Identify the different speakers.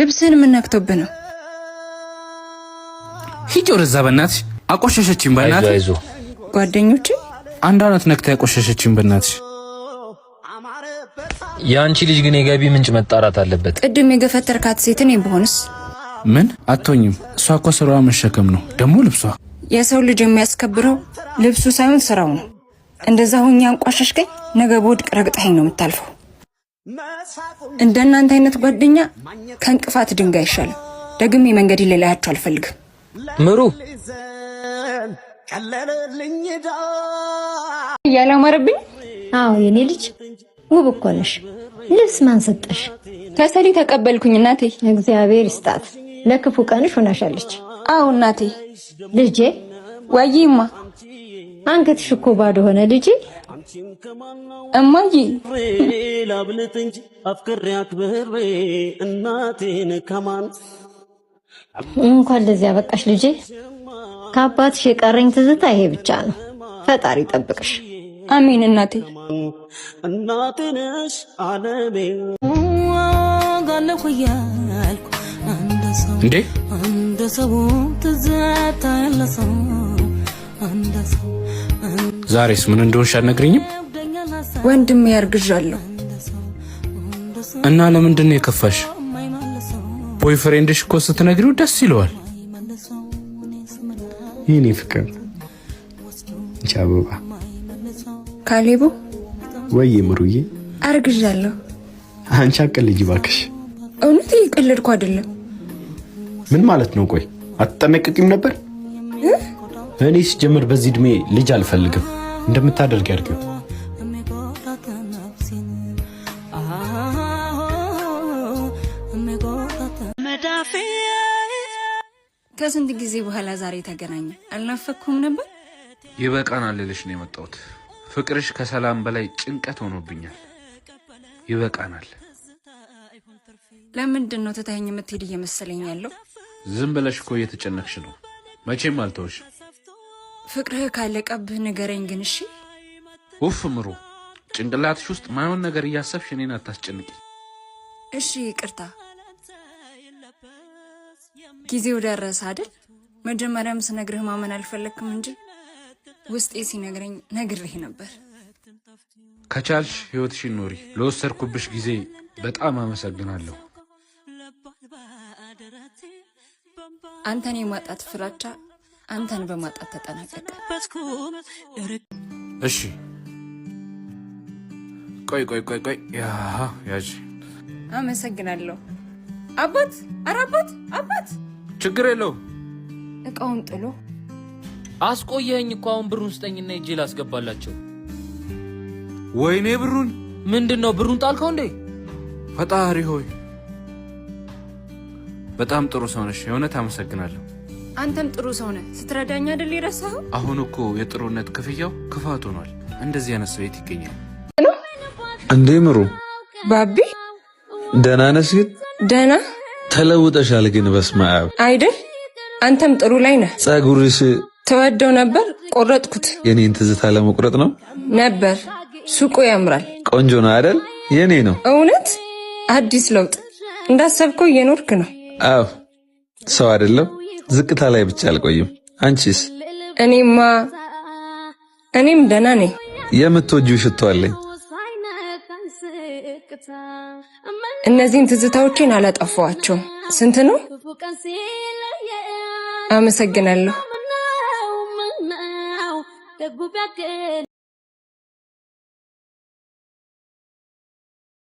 Speaker 1: ልብስህን የምናክቶብህ ነው።
Speaker 2: ሂጅ ወደዛ። በእናትሽ አቆሸሸችኝ። በእናት ጓደኞች አንድ አነት ነክታ ያቆሸሸችኝ። በእናትሽ
Speaker 3: የአንቺ ልጅ ግን የገቢ ምንጭ መጣራት አለበት።
Speaker 1: ቅድም የገፈተርካት ሴት እኔ በሆንስ
Speaker 2: ምን አትሆኝም። እሷ እኮ ስራዋ መሸከም ነው፣ ደግሞ ልብሷ።
Speaker 1: የሰው ልጅ የሚያስከብረው ልብሱ ሳይሆን ስራው ነው። እንደዛ ሆኜ አንቋሸሽከኝ፣ ነገ በወድቅ ረግጠኸኝ ነው የምታልፈው። እንደ እናንተ አይነት ጓደኛ ከእንቅፋት ድንጋይ ይሻላል። ደግሜ መንገድ ላይ አልፈልግም። ምሩ እያላማረብኝ።
Speaker 4: አዎ የኔ ልጅ ውብ እኮ ነሽ። ልብስ ማን ሰጠሽ?
Speaker 1: ከሰሊ ተቀበልኩኝ እናቴ።
Speaker 4: እግዚአብሔር ይስጣት። ለክፉ ቀንሽ ሆናሻለች። አዎ እናቴ። ልጄ ወይማ አንገትሽ እኮ ባዶ ሆነ ልጅ
Speaker 1: እማዬ ላብልጥ እንጂ አፍቅሬ አክብሬ
Speaker 4: እናቴን ከማን እንኳን ለዚህ አበቃሽ ልጄ። ከአባትሽ የቀረኝ ትዝታ ይሄ ብቻ ነው። ፈጣሪ ጠብቅሽ።
Speaker 1: አሚን እናቴ። እናቴንሽ አለሜ
Speaker 2: ዋጋለሁ እያልኩ እንደ ሰው እንደ ሰው ትዝታ ያለ ሰው ዛሬስ ምን እንደሆንሽ አልነግረኝም?
Speaker 1: ወንድም ያርግዣለሁ።
Speaker 2: እና ለምንድን ነው የከፋሽ? ቦይፍሬንድሽ እኮ ስትነግሪው ደስ ይለዋል። ይህኔ ፍቅር አበባ ካሌቦ ወይ ምሩዬ
Speaker 1: አርግዣለሁ።
Speaker 2: አንቺ አቀልጅ ባክሽ።
Speaker 1: እውነት እየቀለድኩ አይደለም።
Speaker 2: ምን ማለት ነው? ቆይ አትጠነቀቂም ነበር? እኔ ሲጀምር በዚህ እድሜ ልጅ አልፈልግም። እንደምታደርግ ያድርግም።
Speaker 1: ከስንት ጊዜ በኋላ ዛሬ ተገናኘ። አልናፈኩም ነበር።
Speaker 2: ይበቃናል ልልሽ ነው የመጣሁት። ፍቅርሽ ከሰላም በላይ ጭንቀት ሆኖብኛል። ይበቃናል።
Speaker 1: ለምንድን ነው ትተኸኝ የምትሄድ እየመሰለኝ ያለው?
Speaker 2: ዝም ብለሽ እኮ እየተጨነቅሽ ነው። መቼም አልተውሽ
Speaker 1: ፍቅርህ ካለቀብህ ንገረኝ ግን እሺ።
Speaker 2: ውፍ ምሩ፣ ጭንቅላትሽ ውስጥ ማይሆን ነገር እያሰብሽ እኔን አታስጨንቂ።
Speaker 1: እሺ ይቅርታ። ጊዜው ደረሰ አይደል? መጀመሪያም ስነግርህ ማመን አልፈለግክም እንጂ ውስጤ ሲነግረኝ ነግሬህ ነበር።
Speaker 2: ከቻልሽ ህይወትሽን ኖሪ። ለወሰድኩብሽ ጊዜ በጣም አመሰግናለሁ።
Speaker 1: አንተን የማጣት ፍራቻ አንተን በማጣት ተጠናቀቀ።
Speaker 2: እሺ ቆይ ቆይ ቆይ ቆይ ያጂ
Speaker 1: አመሰግናለሁ። አባት ኧረ አባት አባት፣ ችግር የለው እቃውን ጥሎ
Speaker 5: አስቆየኝ እኮ አሁን ብሩን ስጠኝና እጄ ላስገባላቸው።
Speaker 2: ወይኔ ብሩን
Speaker 5: ምንድን ነው ብሩን ጣልከው እንዴ?
Speaker 2: ፈጣሪ ሆይ በጣም ጥሩ ሰው ነሽ። የእውነት አመሰግናለሁ።
Speaker 1: አንተም ጥሩ ሰው ነህ። ስትረዳኝ አይደል የረሳኸው?
Speaker 2: አሁን እኮ የጥሩነት ክፍያው ክፋት ሆኗል። እንደዚህ አይነት ሰው የት ይገኛል? እንዴ ምሩ ባቢ፣ ደህና ነሽ? ግን ደህና ተለውጠሻል። ግን በስመ አብ
Speaker 1: አይደል? አንተም ጥሩ ላይ ነህ። ጸጉርሽ ተወደው ነበር፣ ቆረጥኩት።
Speaker 2: የኔን ትዝታ ለመቁረጥ ነው
Speaker 1: ነበር። ሱቁ ያምራል።
Speaker 2: ቆንጆ ነው አይደል? የኔ ነው
Speaker 1: እውነት። አዲስ ለውጥ እንዳሰብከው እየኖርክ ነው።
Speaker 2: አዎ ሰው አይደለም ዝቅታ ላይ ብቻ አልቆይም። አንቺስ?
Speaker 1: እኔማ እኔም ደህና ነኝ።
Speaker 2: የምትወጂው ሽቶ አለኝ።
Speaker 1: እነዚህን ትዝታዎቼን አላጠፋዋቸውም። ስንት ነው? አመሰግናለሁ።